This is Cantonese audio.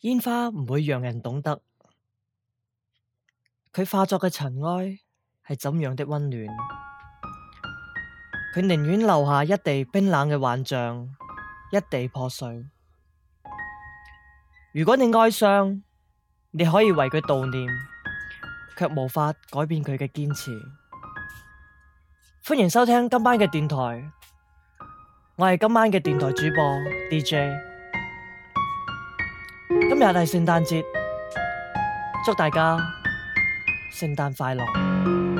煙花唔會讓人懂得，佢化作嘅塵埃係怎樣的温暖。佢寧願留下一地冰冷嘅幻象，一地破碎。如果你哀傷，你可以為佢悼念，却無法改變佢嘅堅持。歡迎收聽今晚嘅電台，我係今晚嘅電台主播 DJ。今日係聖誕節，祝大家聖誕快樂。